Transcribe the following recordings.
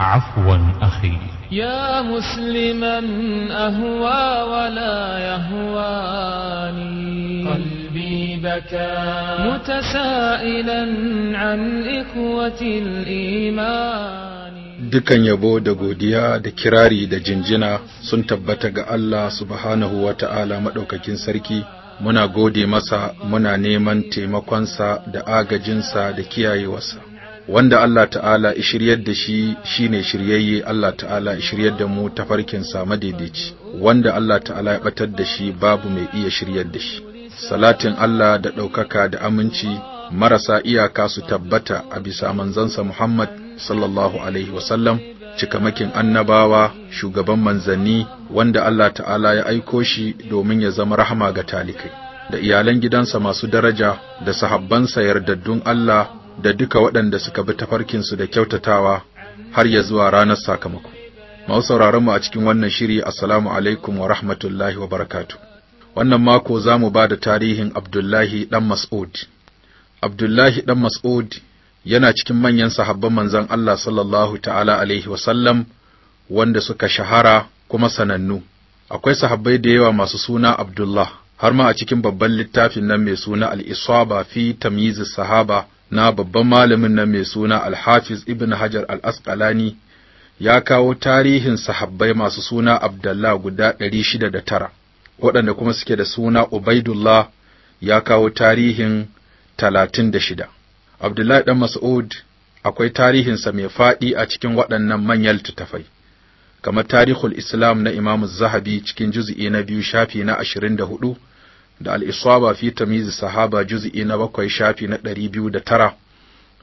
عفوا أخي يا مسلما أهوى ولا يهواني قلبي بكى متسائلا عن إخوة الإيمان dukan yabo da godiya da kirari da jinjina sun tabbata ga Allah subhanahu wa ta'ala maɗaukakin sarki, muna gode masa muna neman taimakonsa da agajinsa da kiyayewarsa. wanda Allah ta'ala shiryar da shi shine shiryayye Allah ta'ala shiryar da mu tafarkin sa madaidaici wanda Allah ta'ala ya batar da shi babu mai iya shiryar da shi salatin Allah da ɗaukaka da aminci marasa iyaka su tabbata a bisa manzansa Muhammad sallallahu alaihi wasallam cikamakin annabawa shugaban manzanni wanda Allah ta'ala ya aiko shi domin ya zama rahama ga talikai da iyalan gidansa masu daraja da sahabbansa yardaddun Allah da duka waɗanda suka bi tafarkinsu da kyautatawa har ya zuwa ranar sakamako. Mau sauraron mu a cikin wannan shiri Assalamu alaikum wa rahmatullahi wa barakatu. Wannan mako za mu ba da tarihin Abdullahi ɗan Mas'ud. Abdullahi ɗan Mas'ud yana cikin manyan sahabban manzan Allah sallallahu ta'ala alaihi wa sallam wanda suka shahara kuma sanannu. Akwai sahabbai da yawa masu suna Abdullah har ma a cikin babban littafin nan mai suna Al-Isaba fi Tamyiz Sahaba na babban malamin nan mai suna Alhafiz Ibn Hajar Al-Asqalani ya kawo tarihin sahabbai masu suna Abdullah guda ɗari shida da tara, waɗanda kuma suke da suna Ubaidullah ya kawo tarihin talatin da shida. Abdullahi dan Mas'ud akwai tarihinsa mai faɗi a cikin waɗannan manyan littattafai kamar tarihul Islam na Imam Zahabi cikin juz'i na biyu shafi na da hudu. da al-isaba fi tamyiz sahaba juz'i na bakwai shafi na ɗari biyu da tara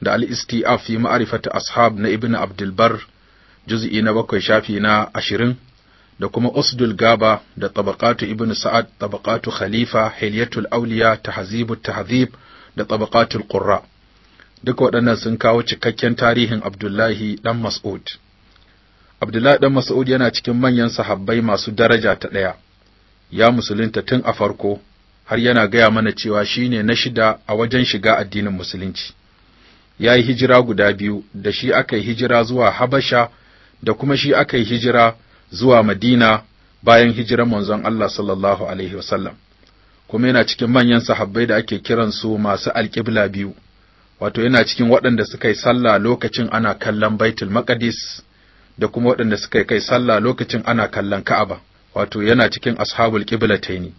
da al-istiaf fi ma'arifata ashab na ibn Abdulbar bar juz'i na bakwai shafi na ashirin da kuma usdul gaba da tabaqatu ibn sa'ad tabaqatu khalifa hilyatul awliya tahzibut tahzib da tabaqatul qurra duka waɗannan sun kawo cikakken tarihin Abdullahi ɗan Mas'ud. Abdullahi ɗan Mas'ud yana cikin manyan sahabbai masu daraja ta ɗaya, ya musulunta tun a farko, har yana gaya mana cewa shi ne na shida a wajen shiga addinin musulunci ya yi hijira guda biyu da shi aka yi hijira zuwa habasha da kuma shi aka yi hijira zuwa madina bayan hijiran manzon Allah sallallahu alaihi wasallam kuma yana cikin manyan sahabbai da ake kiransu masu alƙibla biyu wato yana cikin waɗanda suka yi sallah lokacin ana kallon baitul maqdis da kuma waɗanda suka kai sallah lokacin ana kallon ka'aba wato yana cikin ashabul ne.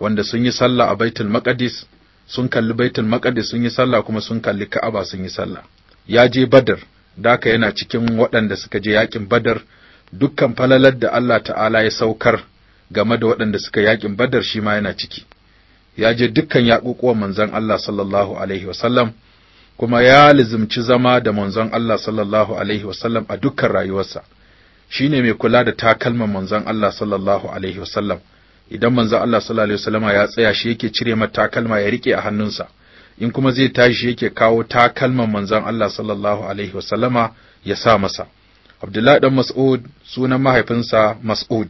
wanda sun yi sallah a baitul maqdis sun kalli baitul maqdis sun yi sallah kuma sun kalli ka'aba sun yi sallah ya je badar daka yana cikin waɗanda suka je yakin badar dukkan falalar da Allah ta'ala ya saukar game da waɗanda suka yakin badar shi ma yana ciki ya je dukkan yaƙuƙuwan manzon Allah sallallahu alaihi wasallam kuma ya lizimci zama da manzon Allah sallallahu alaihi wasallam a dukkan rayuwarsa shine mai kula da takalman manzon Allah sallallahu alaihi wasallam idan manzo Allah sallallahu alaihi wasallama ya tsaya shi yake cire mata takalma ya rike a hannunsa in kuma zai tashi yake kawo takalman manzon Allah sallallahu alaihi wasallama ya sa masa Abdullahi dan Mas'ud sunan mahaifinsa Mas'ud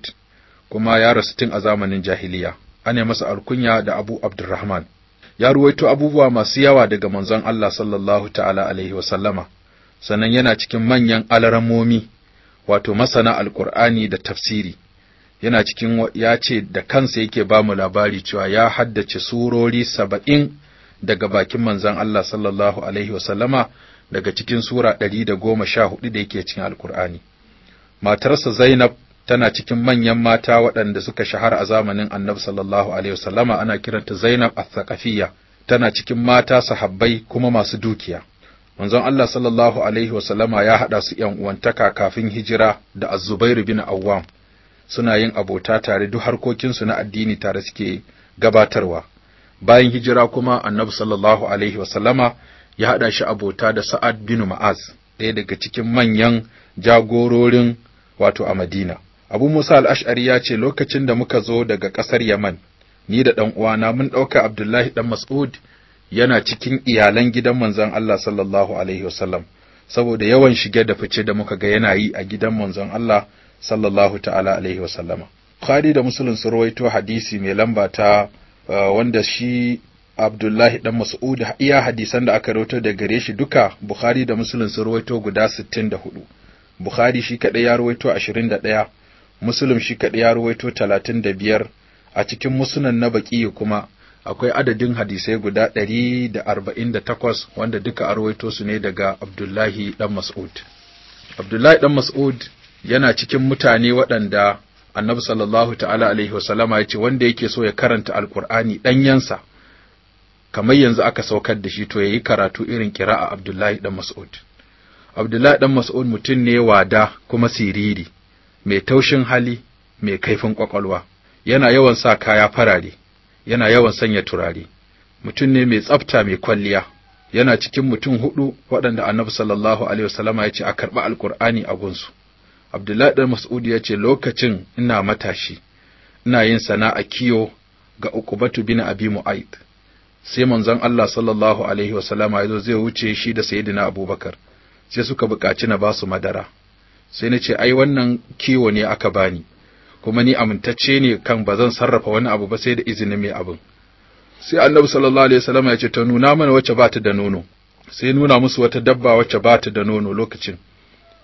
kuma ya rasu tun a zamanin jahiliya ana masa alkunya da Abu Abdurrahman ya ruwaito abubuwa masu yawa daga manzon Allah sallallahu ta'ala alaihi wasallama sannan yana cikin manyan alaramomi wato masana alqur'ani da tafsiri yana cikin ya ce da kansa yake ba mu labari cewa ya haddace surori saba'in daga bakin manzan Allah sallallahu alaihi wasallama daga cikin sura ɗari da goma sha hudu da yake cikin alkur'ani matarsa zainab tana cikin manyan mata waɗanda suka shahara a zamanin annabi sallallahu alaihi wasallama ana kiranta zainab a tana cikin mata sahabbai kuma masu dukiya manzon Allah sallallahu alaihi wasallama ya haɗa su ‘yan uwantaka kafin hijira da azzubairu bin Awwam suna yin abota tare duk harkokinsu na addini tare suke gabatarwa bayan hijira kuma annabi sallallahu alaihi wasallama ya haɗa shi abota da sa'ad bin ma'az ɗaya daga cikin manyan jagororin wato a madina abu musa al'ash'ari ya ce lokacin da muka zo daga ƙasar yaman ni da ɗan uwana mun ɗauka abdullahi ɗan mas'ud yana cikin iyalan gidan manzon allah sallallahu alaihi wasallam saboda yawan shige da fice da muka ga yana yi a gidan manzon allah sallallahu ta'ala alaihi wa sallama Bukhari da Muslim sun rawaito hadisi mai lamba ta uh, wanda shi Abdullahi dan Mas'ud iya hadisan da aka rawaito da gare shi duka Bukhari da Muslim sun rawaito guda 64 Bukhari shi kadai ya rawaito 21 Muslim shi kadai ya rawaito 35 a cikin musnan na baki kuma akwai adadin hadisai guda 148 wanda duka a arwaito su ne daga Abdullahi dan Mas'ud Abdullahi dan Mas'ud yana cikin mutane waɗanda annabi sallallahu ta'ala alaihi wasallama ya ce wanda yake so ya karanta alkur'ani ɗanyensa kamar yanzu aka saukar da shi to ya yi karatu irin kira'a abdullahi ɗan mas'ud abdullahi ɗan mas'ud mutum ne wada kuma siriri mai taushin hali mai kaifin ƙwaƙwalwa yana yawan sa kaya farare yana yawan sanya turare mutum ne mai tsafta mai kwalliya yana cikin mutum hudu waɗanda annabi sallallahu alaihi wasallama ya ce a karɓi alkur'ani a gunsu Abdullahi ɗan Mas'ud ya ce lokacin ina matashi ina yin sana'a kiyo ga Uqbatu bin Abi Mu'ayth sai manzon Allah sallallahu alaihi wasallama ya zo zai wuce shi da Sayyidina Abubakar sai suka buƙaci na basu madara sai na ce ai wannan kiwo ne aka bani kuma ni amintacce ne kan ba zan sarrafa wani abu ba sai da izinin mai abin sai annabi sallallahu alaihi sallama ya ce ta nuna mana wacce ba ta da nono sai nuna musu wata dabba wacce ba ta da nono lokacin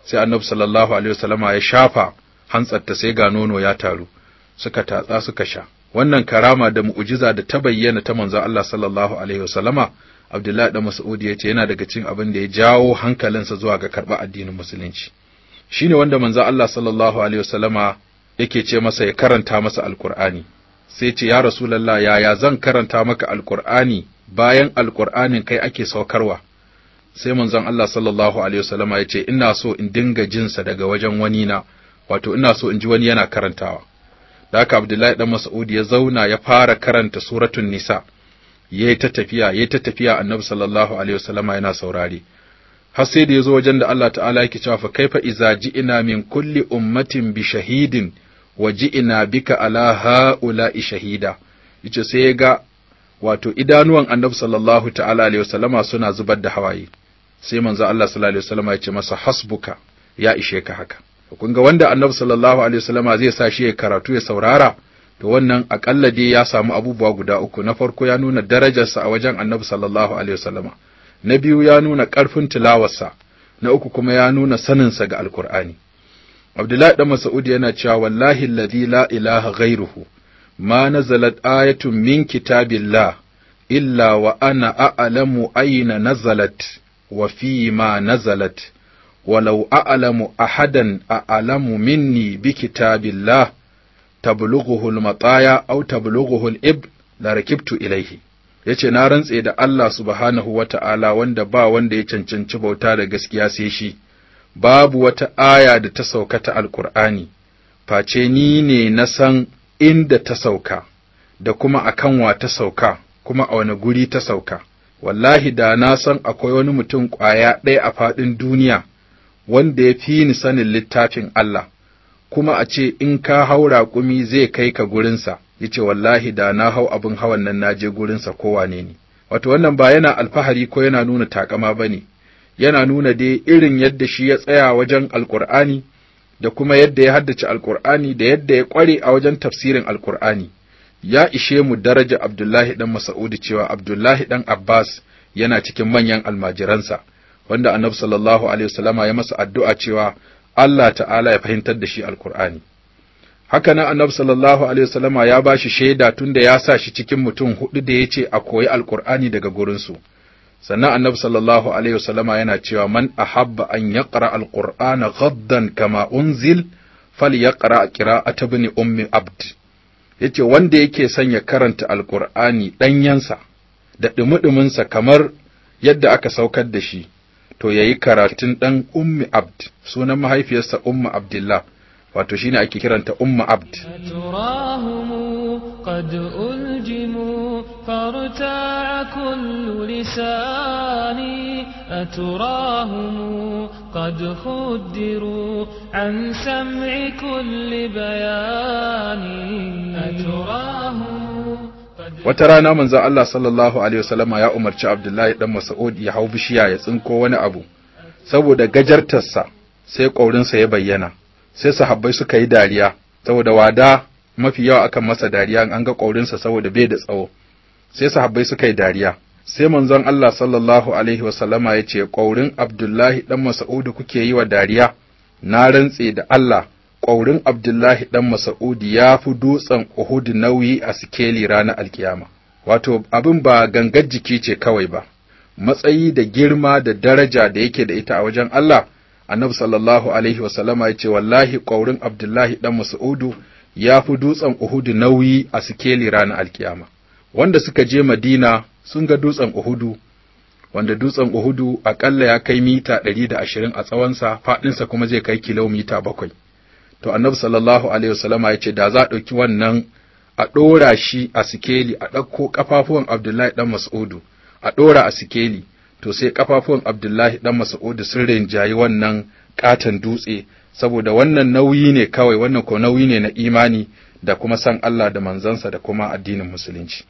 sai annabi sallallahu alaihi wasallama ya shafa hantsarta sai ga nono ya taru suka tatsa suka sha wannan karama da mu'jiza da ta bayyana ta manzo Allah sallallahu alaihi wasallama Abdullahi da Mas'ud ya ce yana daga cikin abin da ya jawo hankalinsa zuwa ga karɓar addinin musulunci shine wanda manzo Allah sallallahu alaihi wasallama yake ce masa ya karanta masa alkur'ani sai ce ya rasulallah yaya zan karanta maka alkur'ani bayan alkur'anin kai ake saukarwa sai manzon Allah sallallahu alaihi wasallama ya ce ina so in dinga jinsa daga wajen wani na wato ina so in ji wani yana karantawa da haka Abdullahi dan Mas'ud ya zauna ya fara karanta suratul Nisa yayi ta tafiya yayi ta tafiya Annabi sallallahu alaihi wasallama yana saurare har sai da ya zo wajen da Allah ta'ala yake cewa fa kaifa iza ji'ina min kulli ummatin bi shahidin wa ji'ina bika ala ha'ula'i shahida yace sai ya ga wato idanuwan annabi sallallahu ta'ala alaihi wasallama suna zubar da hawaye sai manzo Allah sallallahu alaihi wasallama ya ce masa hasbuka ya ishe ka haka kun ga wanda annabi sallallahu alaihi wasallama zai sa shi ya karatu ya saurara to wannan akalla dai ya samu abubuwa guda uku na farko ya nuna darajarsa a wajen annabi sallallahu alaihi wasallama na biyu ya nuna karfin tilawarsa na uku kuma ya nuna saninsa ga alkur'ani Abdullahi dan Mas'ud yana cewa wallahi alladhi la ilaha ghairuhu ma nazalat ayatun min kitabillah illa wa ana a'lamu aina nazalat wa fi ma nazalat walau a'lamu ahadan a'alamu minni bi kitabillah tablughuhu al-mataya aw tablughuhu al-ibn la rakibtu ilayhi yace na rantse da Allah subhanahu wata'ala wanda ba wanda ya cancanci bauta da gaskiya sai shi babu wata aya da ta sauka ta alkur'ani face ni ne na san inda ta sauka da kuma a kanwa ta sauka kuma a wani guri ta sauka wallahi da na san akwai wani mutum ƙwaya ɗaya a faɗin duniya wanda ya fi ni sanin littafin Allah kuma a ce in ka hau raƙumi zai kai ka gurinsa ya ce wallahi da na hau abin hawan nan na je gurinsa ko wane ne wato wannan ba yana alfahari ko yana nuna takama ba ne yana nuna dai irin yadda shi ya tsaya wajen alƙur'ani da kuma yadda ya haddace alkur'ani da yadda ya kware a wajen tafsirin alkur'ani ya ishe mu daraja abdullahi ɗan masa'udi cewa abdullahi ɗan abbas yana cikin manyan almajiransa wanda annabi sallallahu alaihi wasallama ya masa addu'a cewa Allah ta'ala ya fahimtar da shi alkur'ani haka nan annabi sallallahu alaihi wasallama ya ba shi shaida tunda ya sa shi cikin mutum hudu da ya ce a koyi alkur'ani daga gurinsu sannan annabi sallallahu alaihi wasallama yana cewa man ahabba an yaqra alqur'ana ghaddan kama unzil falyaqra qira'ata ibn ummi abd yace wanda yake son ya karanta alqur'ani danyansa da dumuduminsa kamar yadda aka saukar da shi to yayi karatun dan ummi abd sunan mahaifiyarsa ummu abdullah wato shine ake kiranta ummu abd قد ألجموا فارتاع كل لساني أتراهم قد خدروا عن سمع كل بياني أتراهم wata rana manzon Allah sallallahu alaihi wasallama ya umarci Abdullahi ɗan Mas'ud ya hau bishiya ya tsinko wani abu saboda gajartarsa sai ƙaurinsa ya bayyana sai sahabbai suka yi dariya saboda wada mafi yawa akan masa dariya an ga ƙaurinsa saboda bai da tsawo sai sahabbai suka yi dariya sai manzon Allah sallallahu alaihi wasallama ya ce ƙaurin Abdullahi ɗan Mas'udu kuke yi wa dariya na rantse da Allah ƙaurin Abdullahi ɗan Mas'udu ya fi dutsen Uhud nauyi a sikeli rana alkiyama wato abin ba gangar jiki ce kawai ba matsayi da girma da daraja da yake da ita a wajen Allah annabi sallallahu alaihi wasallama ya ce wallahi ƙaurin Abdullahi ɗan Mas'udu ya fi dutsen Uhud nauyi a sikeli rana alkiyama wanda suka je Madina sun ga dutsen Uhudu, wanda dutsen Uhudu aƙalla ya kai mita ɗari da ashirin a tsawonsa, faɗinsa kuma zai kai kilomita bakwai. To, annabi sallallahu Alaihi wasallama ya ce, da za a ɗauki wannan a ɗora shi a sikeli, a ɗauko kafafuwan Abdullahi ɗan Mas'udu, a ɗora a sikeli, to sai ƙafafuwan Abdullahi ɗan Mas'udu sun rinjayi wannan ƙaton dutse, saboda wannan nauyi ne kawai, wannan ko nauyi ne na imani da kuma san Allah da manzansa da kuma addinin Musulunci.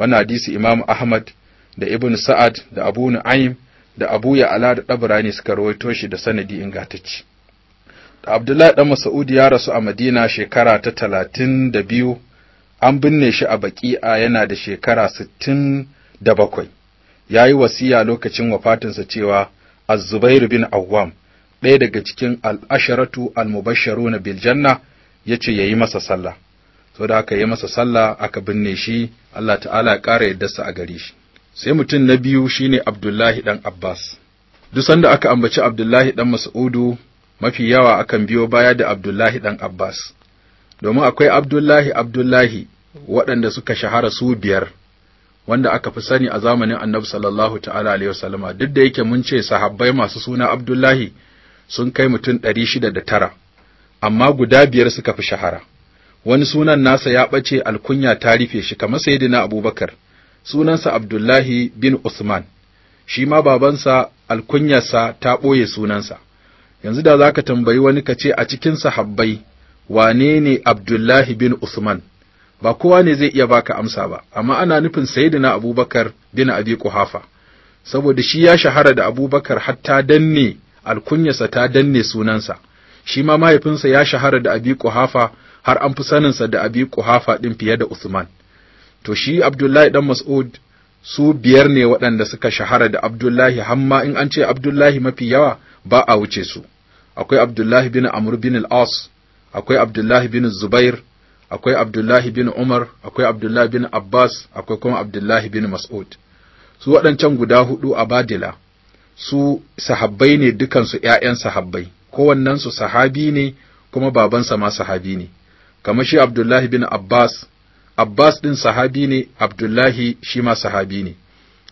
wannan hadisi Imam Ahmad da Ibn Sa'ad da Abu Nu'aym da Abu Ya'la da Dabrani suka rawaito shi da sanadi ingantacce da Abdullahi dan Mas'ud ya rasu a Madina shekara ta talatin da biyu an binne shi a Baqi'a yana da shekara sittin da bakwai ya yi wasiya lokacin wafatinsa cewa Az-Zubair bin Awwam ɗaya daga cikin al-asharatu al-mubashsharuna bil janna yace yayi masa sallah Sau da aka yi masa sallah aka binne shi Allah ta'ala ya ƙara yaddarsa a gare shi sai mutum na biyu shine Abdullahi dan Abbas duk sanda aka ambaci Abdullahi dan Mas'udu mafi yawa akan biyo baya da Abdullahi dan Abbas domin akwai Abdullahi Abdullahi waɗanda suka shahara su biyar wanda aka fi sani a zamanin Annabi sallallahu ta'ala alaihi wasallama duk da yake mun ce sahabbai masu suna Abdullahi sun kai mutum ɗari shida da tara amma guda biyar suka fi shahara wani sunan nasa ya ɓace alkunya ta rufe shi kamar sayyidina abubakar sunansa abdullahi bin usman shi ma babansa alkunyarsa ta ɓoye sunansa yanzu da za ka tambayi wani ka ce a cikin sahabbai wane ne abdullahi bin usman ba kowa ne zai iya baka amsa ba amma ana nufin sayyidina abubakar bin abi kuhafa saboda shi ya shahara da abubakar hatta danne alkunyarsa ta danne sunansa shi ma mahaifinsa ya shahara da abi kuhafa har an fi saninsa da abi kuhafa ɗin fiye da Usman. To shi Abdullahi ɗan Mas'ud su biyar ne waɗanda suka shahara da Abdullahi hamma in an ce Abdullahi mafi yawa ba a wuce su. Akwai Abdullahi bin Amr bin al-As, akwai Abdullahi bin Zubair, akwai Abdullahi bin Umar, akwai Abdullahi bin Abbas, akwai kuma Abdullahi bin Mas'ud. Su waɗancan guda huɗu a Badila, su sahabbai ne dukansu ‘ya'yan sahabbai, kowannensu sahabi ne kuma babansa ma sahabi ne. kamar shi Abdullahi bin Abbas Abbas din sahabi ne Abdullahi shi ma sahabi ne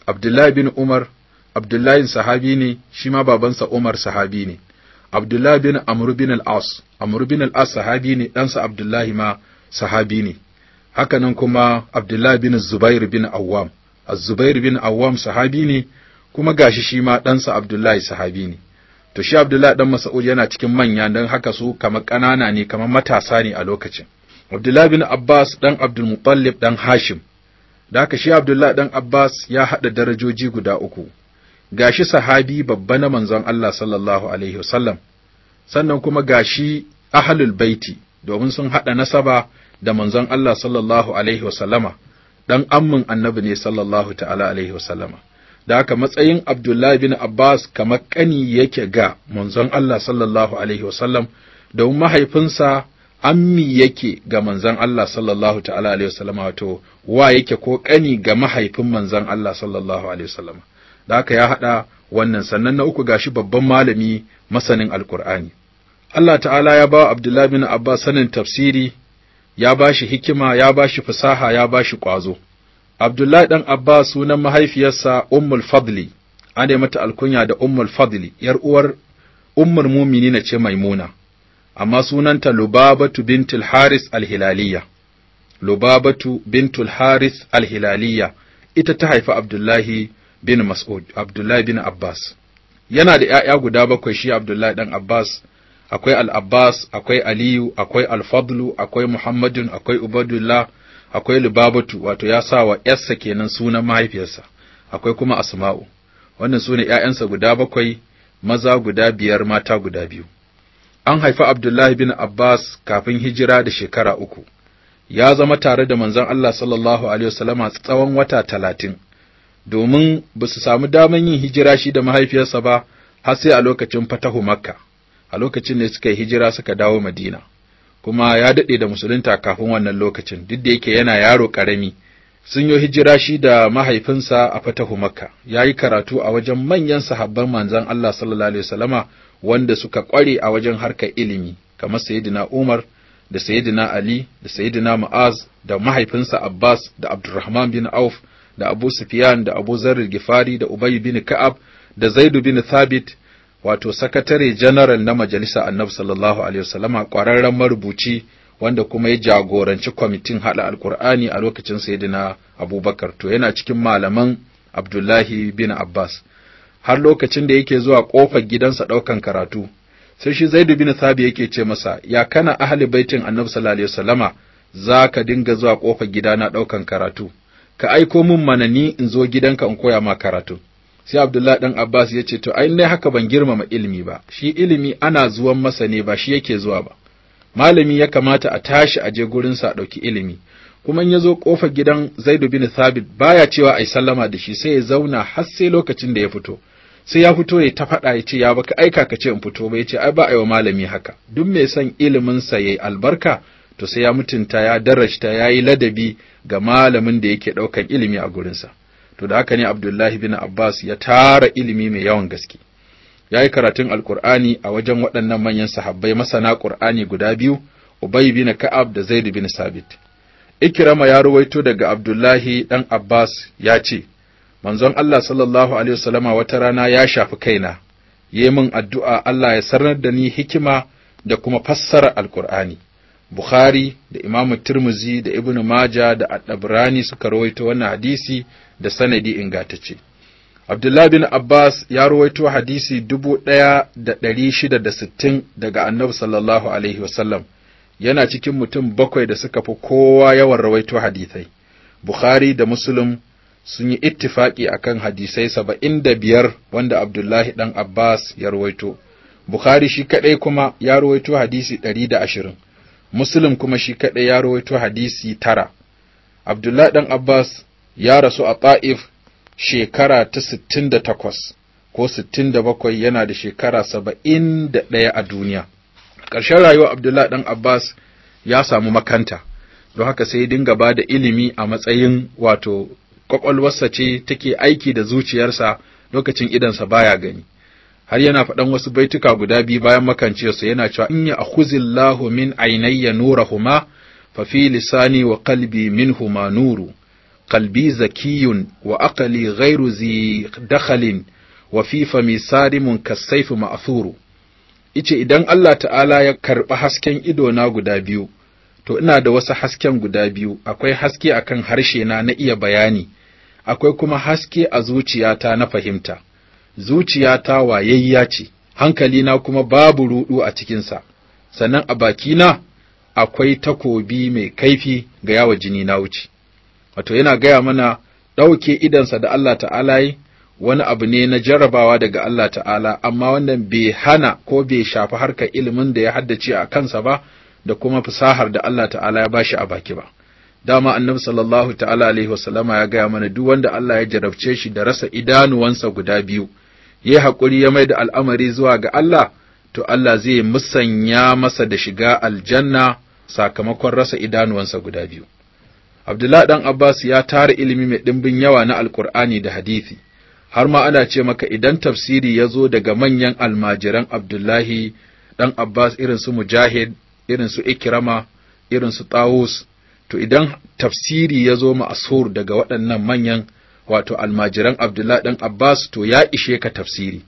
Abdullahi bin Umar Abdullahi sahabi ne shi ma babansa Umar sahabi ne Abdullahi bin Amru bin al-As bin al sahabi ne ɗansa Abdullahi ma sahabi ne Hakanan kuma Abdullahi bin Zubair bin Awam, zubair bin Awwam sahabi ne kuma gashi shi ma ɗansa Abdullahi sahabi ne to shi Abdullahi dan Mas'ud yana cikin manya dan haka su kamar kanana ne kamar matasa ne a lokacin Abdullahi bin Abbas dan Abdul Muttalib dan Hashim da haka shi Abdullahi dan Abbas ya haɗa darajoji guda uku gashi sahabi babba na manzon Allah sallallahu alaihi wasallam sannan kuma gashi ahlul baiti domin sun haɗa nasaba da manzon Allah sallallahu alaihi wasallama dan ammin annabi ne sallallahu ta'ala alaihi wasallama da haka matsayin Abdullahi bin Abbas kamar ƙani yake ga manzon Allah sallallahu Alaihi wasallam domin mahaifinsa ammi yake ga manzon Allah sallallahu ta'ala Alaihi wasallam wato wa yake ko ƙani ga mahaifin manzon Allah sallallahu Alaihi wasallam da haka ya haɗa wannan sannan na uku gashi babban malami masanin alkur'ani Allah ta'ala ya ba Abdullahi bin Abbas sanin tafsiri ya ba shi hikima ya ba shi fasaha ya ba shi ƙwazo Abdullahi ɗan Abbas sunan mahaifiyarsa Ummul Fadli, an mata alkunya da Ummul Fadli, ‘yar uwar Ummul na ce Maimuna, amma sunanta Lubabatu bintul Haris al Lubabatu bintul Haris al ita ta haifi Abdullahi bin Mas'ud, Abdullahi bin Abbas. Yana da ‘ya'ya guda bakwai shi Abdullahi ɗan Abbas, akwai Al-Abbas, akwai Aliyu, akwai Al-Fadlu, akwai Muhammadun, akwai Ubadullah, akwai Lubabatu wato ya sa wa ‘yarsa kenan sunan mahaifiyarsa, akwai kuma Asma'u, wannan su ne ’ya'yansa guda bakwai, maza guda biyar, mata guda biyu. An haifi Abdullahi bin Abbas kafin hijira da shekara uku, ya zama tare da manzon Allah sallallahu Alaihi wasallama tsawon wata talatin, domin ba su samu daman yin hijira shi da mahaifiyarsa ba har sai a lokacin fatahu Makka, a lokacin ne suka yi hijira suka dawo Madina. kuma ya daɗe da musulunta kafin wannan lokacin duk da yake yana yaro ƙarami sun yi hijira shi da mahaifinsa a fatahu makka ya yi karatu a wajen manyan sahabban manzan Allah sallallahu alaihi wasallama wanda suka ƙware a wajen harkar ilimi kamar sayyidina Umar da sayyidina Ali da sayyidina Mu'az da mahaifinsa Abbas da Abdurrahman bin Auf da Abu Sufyan da Abu Zarr Gifari da Ubay bin Ka'ab da Zaid bin Thabit wato sakatare Janaral na majalisa annabi sallallahu alaihi wasallama ƙwararren marubuci wanda kuma ya jagoranci kwamitin haɗa alkur'ani a lokacin sayidina abubakar to yana cikin malaman abdullahi bin abbas har lokacin da yake zuwa ƙofar gidansa ɗaukan karatu sai shi zaidu bin sabi yake ce masa ya kana ahli baitin annabi sallallahu alaihi wasallama za ka dinga zuwa ƙofar gidana ɗaukan karatu ka aiko min manani in zo gidanka in koya ma karatu sai Abdullahi dan Abbas ya ce to ai ne haka ban girmama ilimi ba shi ilimi ana zuwan masa ne ba shi yake zuwa ba malami ya kamata a tashi a je gurinsa a ɗauki ilimi kuma in ya zo kofar gidan Zaid bin Thabit baya cewa ai sallama da shi sai ya zauna har sai lokacin da ya fito sai ya fito ya ta faɗa ya ce ya baka aika ka ce in fito ba ya ce ai ba wa malami haka duk mai son ilimin sa yayi albarka to sai ya mutunta ya darasita ya yi ladabi ga malamin da yake ɗaukan ilimi a gurinsa. to da haka ne Abdullahi bin Abbas ya tara ilimi mai yawan gaske ya yi karatun alkur'ani a wajen waɗannan manyan sahabbai masana ƙur'ani guda biyu Ubay bin Ka'ab da Zaid bin Sabit Ikrama ya ruwaito daga Abdullahi ɗan Abbas ya ce manzon Allah sallallahu alaihi wasallama wata rana ya shafi kaina yi min addu'a Allah ya sanar da ni hikima da kuma fassara alkur'ani Bukhari da Imam Tirmizi da Ibn Maja da Ad-Dabrani suka rawaito wannan hadisi da sanadi ingantacce. Abdullah bin Abbas ya rawaito hadisi dubu ɗaya da 1660 daga Annabi sallallahu alaihi wasallam. Yana cikin mutum bakwai da suka fi kowa yawan rawaito hadisai. Bukhari da Muslim sun yi a kan hadisai saba'in da biyar wanda Abdullahi ɗan Abbas ya rawaito. Bukhari shi kaɗai kuma ya rawaito hadisi ɗari da ashirin. Muslim kuma shi kaɗai ya rawaito hadisi tara. Abdullah ɗan Abbas ya rasu a Ta'if shekara ta sittin da takwas ko sittin da bakwai yana da shekara saba'in da ɗaya a duniya. Ƙarshen rayuwa Abdullah ɗan Abbas ya samu makanta, don haka sai dinga ba da ilimi a matsayin wato ƙwaƙwalwarsa ce take aiki da zuciyarsa lokacin idansa baya gani. har yana faɗan wasu baituka guda biyu bayan makanciyarsa yana cewa in ya akhuzillahu min ainayya nurahuma fa fi lisani wa qalbi minhuma nuru qalbi zakiyun wa aqli ghairu zi dakhalin wa fi fami sarimun kasayfu ma'thuru ice idan Allah ta'ala ya karɓi hasken idona guda biyu to ina da wasu hasken guda biyu akwai haske akan harshe na na iya bayani akwai kuma haske a zuciyata na fahimta zuciyata wayayya ce hankali na kuma babu ruɗu a cikinsa sannan a bakina akwai takobi mai kaifi ga yawa jini na wuce wato yana gaya mana ɗauke idansa da Allah ta'ala yi wani abu ne na jarrabawa daga Allah ta'ala amma wannan bai hana ko bai shafi harkar ilimin da ya haddace a kansa ba da kuma fasahar da Allah ta'ala ya ba shi a baki ba dama annabi sallallahu ta'ala alaihi wasallama ya gaya mana duk wanda Allah ya jarabce shi da rasa idanuwansa guda biyu ya haƙuri ya mai da al'amari zuwa ga Allah, to Allah zai musanya masa da shiga aljanna sakamakon rasa idanuwansa guda biyu. Abdullah ɗan Abbas ya tara ilimi mai ɗimbin yawa na Alƙur'ani da hadithi, har ma ana ce maka idan tafsiri ya zo daga manyan almajiran Abdullahi ɗan Abbas irin su Mujahid, irin su Ikirama, irin su Tawus, to idan tafsiri ya zo ma daga waɗannan manyan wato almajiran Abdullah ɗan Abbas to ya ishe ka tafsiri.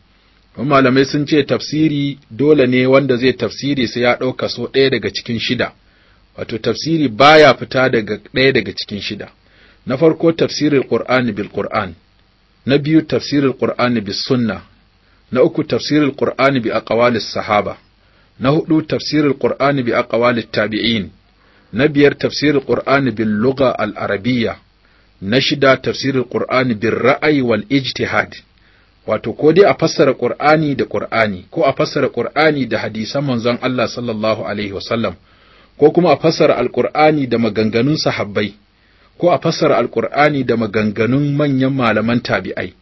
malamai sun ce tafsiri dole ne wanda zai tafsiri sai ya ɗauka so ɗaya daga cikin shida, wato tafsiri baya fita daga ɗaya daga cikin shida. Na farko tafsirin Qur'ani bil Qur'an, na biyu tafsirin Qur'ani bis Sunna, na uku tafsirin Qur'ani bi aqwalis sahaba, na hudu tafsirin ƙur'ani bi aqwalit tabi'in, na biyar tafsirin Qur'ani bil lugha al-arabiyya, na shida tafsirin Qur'ani bin ra'ayi wal ijtihad wato ko dai a fassara Qur'ani da Qur'ani ko a fassara Qur'ani da hadisan manzon Allah sallallahu alaihi wasallam ko kuma a fassara Al-Qur'ani da maganganun sahabbai ko a fassara Al-Qur'ani da maganganun manyan malaman tabi'ai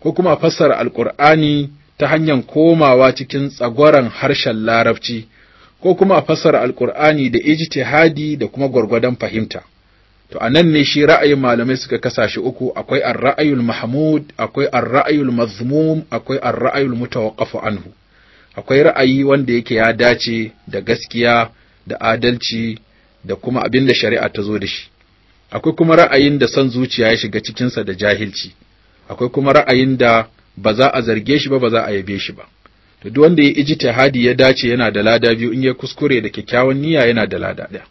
ko kuma a fassara Al-Qur'ani ta hanyar komawa cikin tsagoran harshen Larabci ko kuma a fassara Al-Qur'ani da ijtihadi da kuma gwargwadon fahimta to a nan ne shi ra'ayin malamai suka kasashe uku akwai ar-ra'ayul mahmud akwai ar-ra'ayul mazmum akwai ar-ra'ayul mutawaqqafu anhu akwai ra'ayi wanda yake ya dace da gaskiya da adalci da kuma abin da shari'a ta zo da shi akwai kuma ra'ayin da son zuciya ya shiga cikinsa da jahilci akwai kuma ra'ayin da ba za a zarge shi ba ba za a yabe shi ba to duk wanda ya ijtihadi ya dace yana da lada biyu in ya kuskure da kyakkyawan niyya yana da lada ɗaya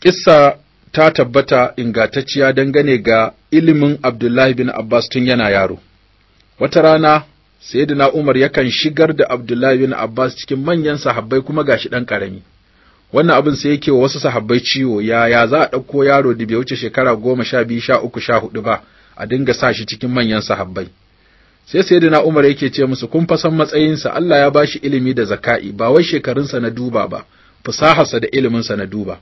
kissa ta tabbata ingantacciya dangane ga ilimin Abdullahi bin Abbas tun yana yaro. Wata rana, Sayyidina Umar yakan shigar da Abdullahi bin Abbas cikin manyan sahabbai kuma ga shi ɗan ƙarami. Wannan abin sai yake wa wasu sahabbai ciwo, ya za a ɗauko yaro da bai wuce shekara goma sha biyu sha uku sha huɗu ba, a dinga sa shi cikin manyan sahabbai. Sai Sayyidina Umar yake ce musu kun fasan matsayinsa Allah ya ba shi ilimi da zaka'i ba wai shekarunsa na duba ba, fasaharsa da iliminsa na duba.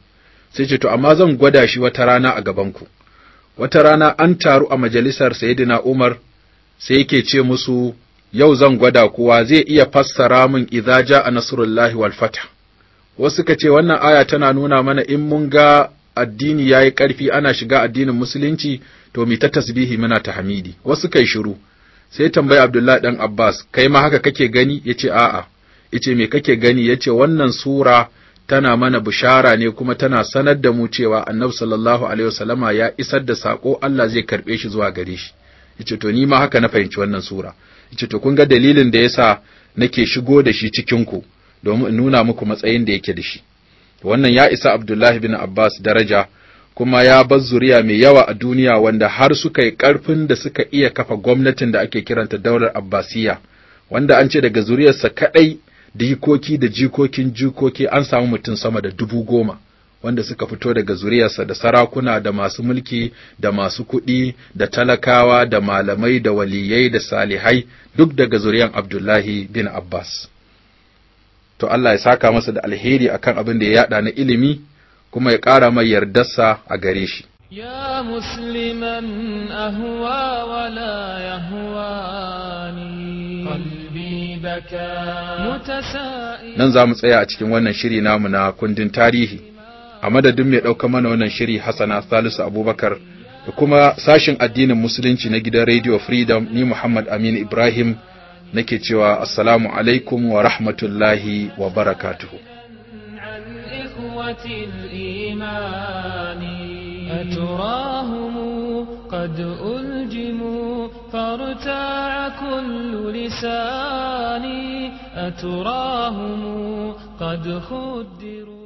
sai ce to amma zan gwada shi wata rana a gabanku wata rana an taru a majalisar sayyidina Umar sai yake ce musu yau zan gwada kowa zai iya fassara min idza jaa nasrullahi wal fath wasu ka ce wannan aya tana nuna mana in mun ga addini yayi karfi ana shiga addinin musulunci to mi ta tasbihi muna ta hamidi? wasu kai shiru sai tambayi Abdullahi dan Abbas kai ma haka kake gani yace a'a yace me kake gani yace wannan sura tana mana bishara ne kuma tana sanar da mu cewa annabi sallallahu alaihi wasallama ya isar da sako Allah zai karbe shi zuwa gare shi yace to ni ma haka na fahimci wannan sura yace to kun ga dalilin da yasa nake shigo da shi cikin ku domin in nuna muku matsayin da yake da shi wannan ya isa Abdullahi bin Abbas daraja kuma ya bar zuriya mai yawa a duniya wanda har suka yi ƙarfin da suka iya kafa gwamnatin da ake kiranta daular Abbasiyya wanda an ce daga zuriyarsa kaɗai dikoki da jikokin jikoki an samu mutum sama da dubu goma wanda suka fito daga zuriyarsa da sarakuna da masu mulki da masu kuɗi da talakawa da malamai da waliyai da salihai duk daga zuriyar Abdullahi bin Abbas. To Allah ya saka masa da alheri akan abin da ya yada na ilimi kuma ya ƙara mai yardarsa a gare shi. يا مسلما أهوى ولا يهواني nan za mu tsaya a cikin wannan shiri namu na kundin tarihi a madadin mai ɗauka mana wannan shiri hassana salisu abubakar da kuma sashin addinin musulunci na gidan radio freedom ni muhammad aminu ibrahim nake cewa assalamu alaikum wa rahmatullahi wa barakatuhu أتراهم قد ألجموا فارتاع كل لساني أتراهم قد خدروا